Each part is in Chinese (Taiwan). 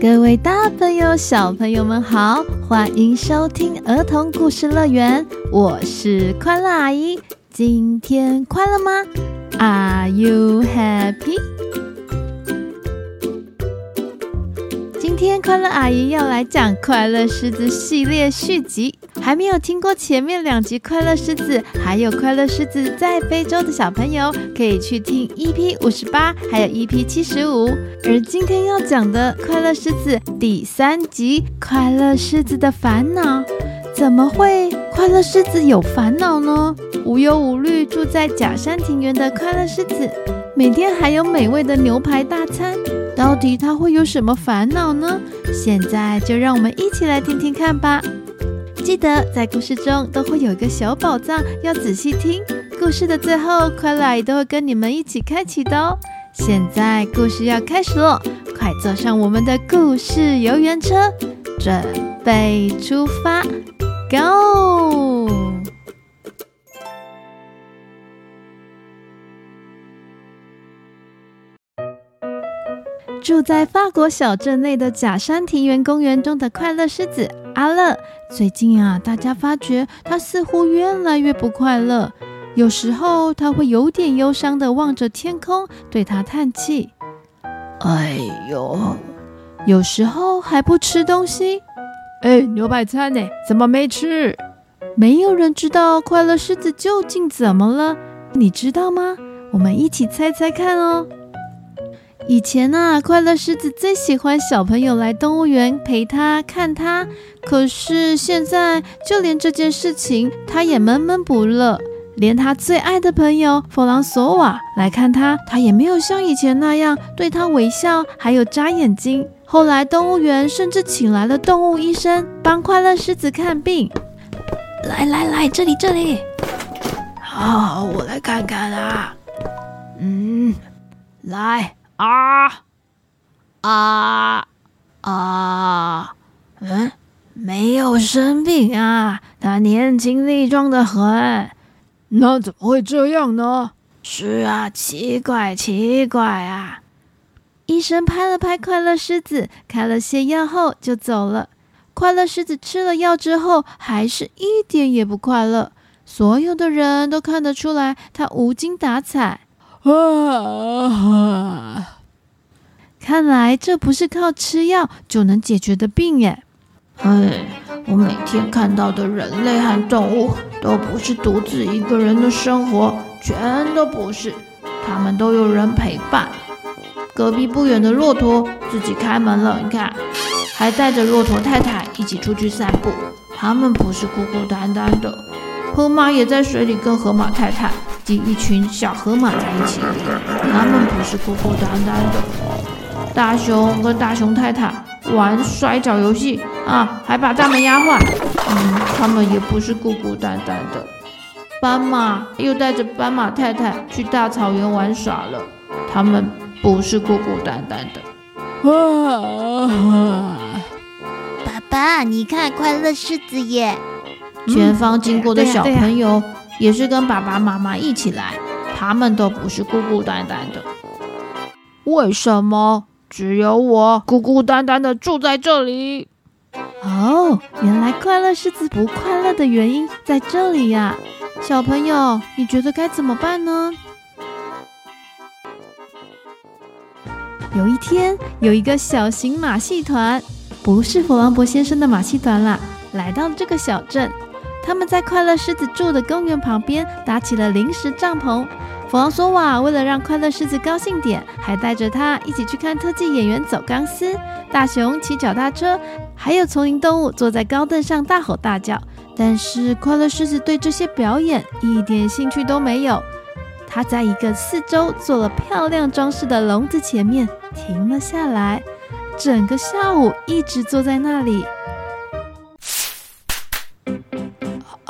各位大朋友、小朋友們好，歡迎收聽兒童故事樂園，我是快樂阿姨。今天快樂嗎？Are you happy？今天快樂阿姨要來講《快樂獅子》系列續集。還沒有聽過前面兩集《快樂獅子》還有《快樂獅子在非洲》的小朋友，可以去聽 EP 五十八，還有 EP 七十五。而今天要講的《快樂獅子》第三集《快樂獅子的煩惱》，怎麼會快樂獅子有煩惱呢？無憂無慮住在假山庭園的快樂獅子，每天還有美味的牛排大餐，到底它會有什麼煩惱呢？現在就讓我們一起來聽聽看吧。記得在故事中都會有一個小寶藏，要仔細聽。故事的最後，快來都會跟你們一起開啟的哦。現在故事要開始了，快坐上我們的故事遊園車，準備出發，Go！住在法國小鎮內的假山庭園公園中的快樂獅子阿樂，最近啊，大家發覺他似乎越來越不快樂。有時候他會有點憂傷地望着天空，對他嘆氣：“哎呦！”有時候還不吃東西。哎，牛排餐呢？怎麼沒吃？沒有人知道快樂獅子究竟怎麼了，你知道嗎？我們一起猜猜看哦。以前啊，快樂獅子最喜歡小朋友來動物園陪他看他。可是現在，就連這件事情他也悶悶不樂。連他最愛的朋友弗朗索瓦來看他，他也沒有像以前那樣對他微笑，還有眨眼睛。後來動物園甚至請來了動物醫生幫快樂獅子看病。來來來，這裡這裡。好好，我來看看啊。嗯，來。啊啊啊！嗯，沒有生病啊，他年輕力壯得很。那怎麼會這樣呢？是啊，奇怪，奇怪啊！醫生拍了拍快樂獅子，開了些藥後就走了。快樂獅子吃了藥之後，還是一點也不快樂。所有的人都看得出來，他無精打采。啊哈！ 看來這不是靠吃藥就能解決的病耶。哎，我每天看到的人類和動物都不是獨自一個人的生活，全都不是，他們都有人陪伴。隔壁不遠的駱駝自己開門了，你看，還帶着駱駝太太一起出去散步。他們不是孤孤單單的。河馬也在水裡跟河馬太太。一群小河馬在一起，他們不是孤孤單單的。大熊跟大熊太太玩摔跤遊戲啊，還把大門壓壞。嗯，他們也不是孤孤單單的。斑馬又帶着斑馬太太去大草原玩耍了，他們不是孤孤單單的。爸爸，你看快樂獅子耶！前方經過的小朋友。也是跟爸爸媽媽一起來，他們都不是孤孤單單的。為什麼只有我孤孤單單的住在這裡？哦，原來快樂獅子不快樂的原因在這裡呀，啊！小朋友，你覺得該怎麼辦呢？有一天，有一個小型馬戲團，不是弗朗博先生的馬戲團啦，來到這個小鎮。他們在快樂獅子住的公園旁邊搭起了臨時帳篷。弗朗索瓦為了讓快樂獅子高興點，還帶着他一起去看特技演員走鋼絲、大熊騎腳踏車，還有叢林動物坐在高凳上大吼大叫。但是快樂獅子對這些表演一點興趣都沒有。他在一個四周做了漂亮裝飾的籠子前面停了下來，整個下午一直坐在那裡。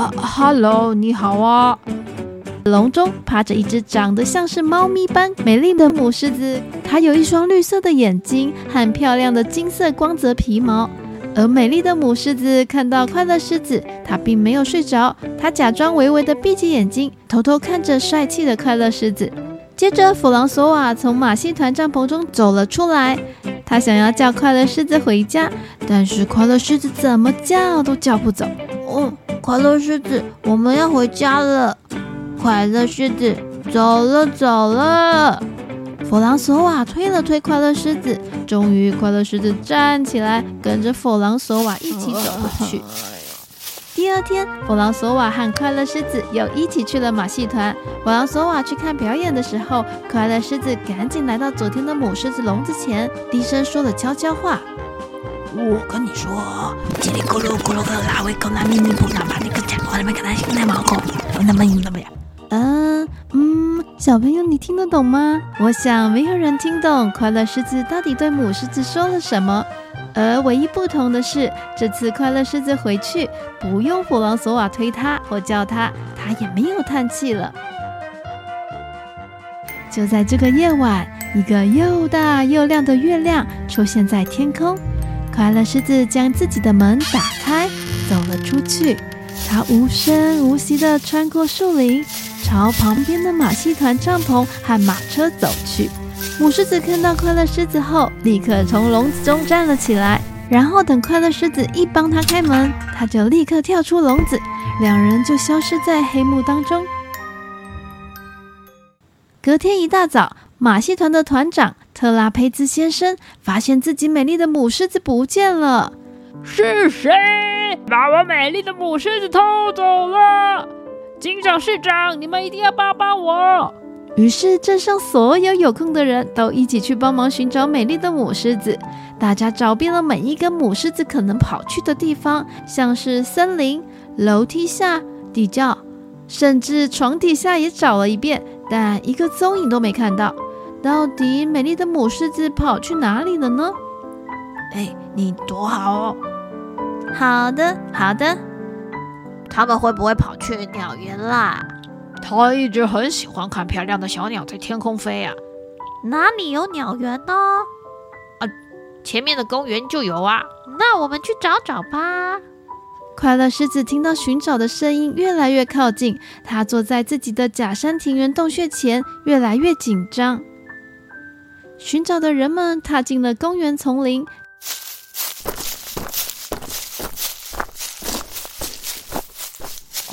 哈嘍，oh, hello, 你好啊！籠中趴着一隻長得像是貓咪般美麗的母獅子，它有一雙綠色的眼睛和漂亮的金色光澤皮毛。而美麗的母獅子看到快樂獅子，它並沒有睡着，它假裝微微的閉起眼睛，偷偷看着帥氣的快樂獅子。接着，弗朗索瓦從馬戲團帳篷中走了出來，他想要叫快樂獅子回家，但是快樂獅子怎麼叫都叫不走。嗯快樂獅子，我們要回家了。快樂獅子，走了走了。弗朗索瓦推了推快樂獅子，終於，快樂獅子站起來，跟着弗朗索瓦一起走了去。 第二天，弗朗索瓦和快樂獅子又一起去了馬戲團。弗朗索瓦去看表演的時候，快樂獅子趕緊來到昨天的母獅子籠子前，低聲說了悄悄話。我跟你說，嘰里咕嚕咕嚕個，他威跟他秘密不難把那個假話裡面可能是那麼們麼樣？嗯 嗯，小朋友，你聽得懂嗎？我想沒有人聽懂，快樂獅子到底對母獅子說了什麼？而唯一不同的是，這次快樂獅子回去不用虎王索瓦推他或叫他，他也沒有嘆氣了。就在這個夜晚，一個又大又亮的月亮出現在天空。快樂獅子將自己的門打開，走了出去，他無聲無息的穿過樹林，朝旁邊的馬戲團帳篷和馬車走去。母獅子看到快樂獅子後，立刻從籠子中站了起來，然後等快樂獅子一幫他開門，他就立刻跳出籠子，兩人就消失在黑幕當中。隔天一大早，馬戲團的團長。特拉佩茲先生發現自己美麗的母獅子不見了。是誰把我美麗的母獅子偷走了？警長、市長，你們一定要幫幫我！於是鎮上所有有空的人都一起去幫忙尋找美麗的母獅子。大家找遍了每一個母獅子可能跑去的地方，像是森林、樓梯下、地窖，甚至床底下也找了一遍，但一個蹤影都沒看到。到底美麗的母獅子跑去哪裡了呢？哎、欸，你躲好哦。好的，好的。他們會不會跑去鳥園啦？他一直很喜歡看漂亮的小鳥在天空飛呀、啊。哪裡有鳥園呢、哦？啊，前面的公園就有啊。那我們去找找吧。快樂獅子聽到尋找的聲音越來越靠近，他坐在自己的假山庭園、洞穴前，越來越緊張。尋找的人們踏進了公園叢林。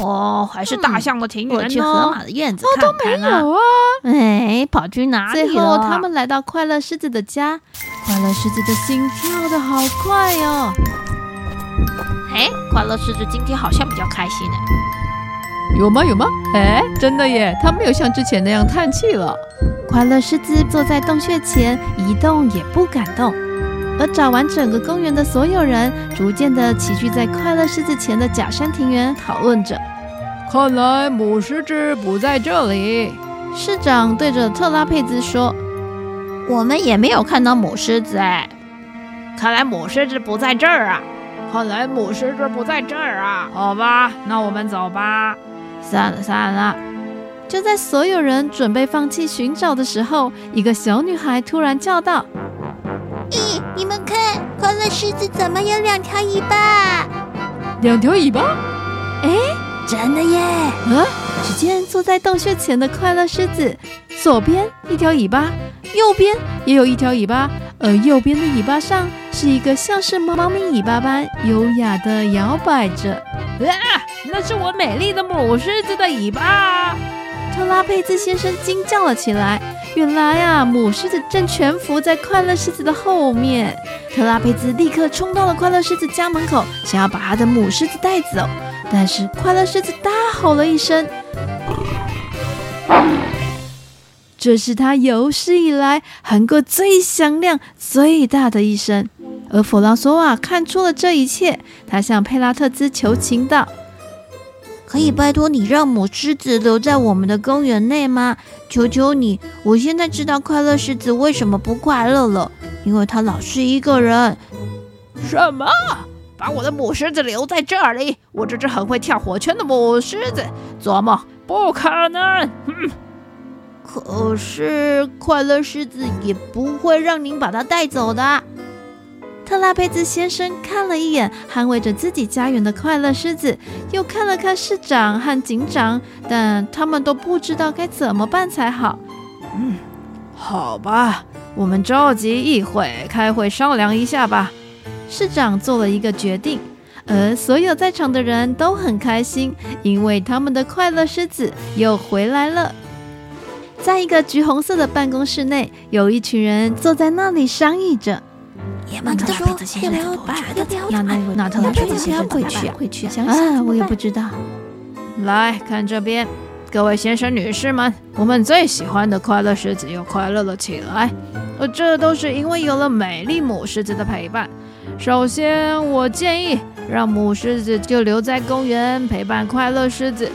哦，還是大象的庭院、嗯、我去河馬的院子看，看、啊，哦、都沒有啊。哎，跑去哪裡了？最後，他們來到快樂獅子的家。快樂獅子的心跳得好快哦。哎，快樂獅子今天好像比較開心呢。有嗎？有嗎？哎，真的耶，他沒有像之前那樣嘆氣了。快樂獅子坐在洞穴前，一動也不敢動。而找完整個公園的所有人，逐漸地齊聚在快樂獅子前的假山庭園，討論着：“看來母獅子不在這裡。”市長對着特拉佩茲說：“我們也沒有看到母獅子哎，看來母獅子不在這兒啊！看來母獅子不在這兒啊！好吧，那我們走吧。散了，散了。”就在所有人準備放棄尋找的時候，一個小女孩突然叫道：“咦、欸，你們看，快樂獅子怎麼有兩條尾巴？兩條尾巴？哎、欸，真的耶！啊！只見坐在洞穴前的快樂獅子，左邊一條尾巴，右邊也有一條尾巴，而右邊的尾巴上是一個像是貓咪尾巴般優雅地搖擺着。啊，那是我美麗的母獅子的尾巴。”特拉佩茲先生驚叫了起來。原來啊，母獅子正蜷伏在快樂獅子的後面。特拉佩茲立刻衝到了快樂獅子家門口，想要把他的母獅子帶走。但是快樂獅子大吼了一聲，這是他有史以來喊過最響亮、最大的一聲。而弗朗索瓦看出了這一切，他向佩拉特茲求情道。可以拜託你讓母獅子留在我們的公園內嗎？求求你！我現在知道快樂獅子為什麼不快樂了，因為它老是一個人。什麼？把我的母獅子留在這裡？我這隻很會跳火圈的母獅子，做夢！不可能！可是快樂獅子也不會讓您把它帶走的。特拉佩茲先生看了一眼捍衛着自己家園的快樂獅子，又看了看市長和警長，但他們都不知道該怎麼辦才好。嗯，好吧，我們召集議會，開會商量一下吧。市長做了一個決定，而所有在場的人都很開心，因為他們的快樂獅子又回來了。在一個橘紅色的辦公室內，有一群人坐在那裡商議着。特拉佩茲先生怎麼辦？那那那特拉佩茲先生回去啊？白白回去啊，啊我也不知道。白白來看這邊，各位先生、女士們，我們最喜歡的快樂獅子又快樂了起來，而、呃、這都是因為有了美麗母獅子的陪伴。首先，我建議讓母獅子就留在公園陪伴快樂獅子；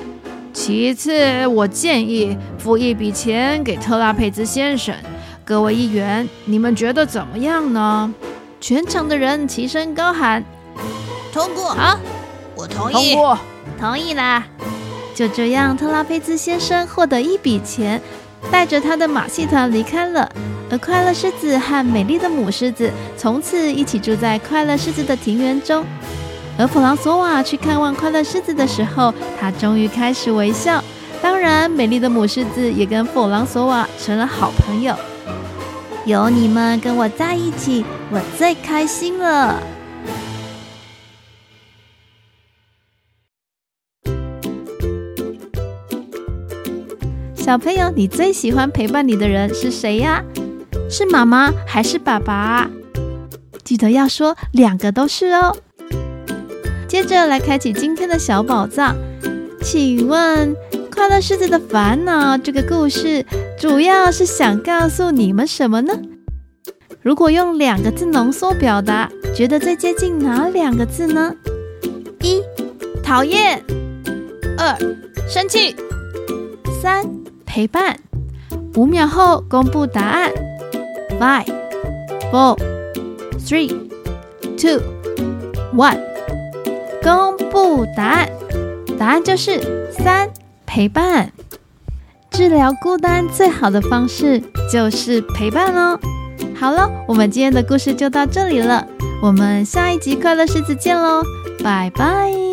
其次，我建議付一筆錢給特拉佩茲先生。各位議員，你們覺得怎麼樣呢？全場的人齊聲高喊：“通過！”好、啊，我同意。通過，同意啦！就這樣，特拉菲茲先生獲得一筆錢，帶着他的馬戲團離開了。而快樂獅子和美麗的母獅子從此一起住在快樂獅子的庭園中。而弗朗索瓦去看望快樂獅子的時候，他終於開始微笑。當然，美麗的母獅子也跟弗朗索瓦成了好朋友。有你們跟我在一起，我最開心了。小朋友，你最喜歡陪伴你的人是誰呀？是媽媽還是爸爸？記得要說兩個都是哦。接着來開啟今天的小寶藏，請問。快樂獅子的煩惱這個故事，主要是想告訴你們什麼呢？如果用兩個字濃縮表達，覺得最接近哪兩個字呢？一，討厭；二，生氣；三，陪伴。五秒後公布答案。Five, four, three, two, one。公布答案，答案就是三。陪伴，治療孤單最好的方式就是陪伴哦。好了，我們今天的故事就到這裡了，我們下一集快樂獅子見嘍，拜拜。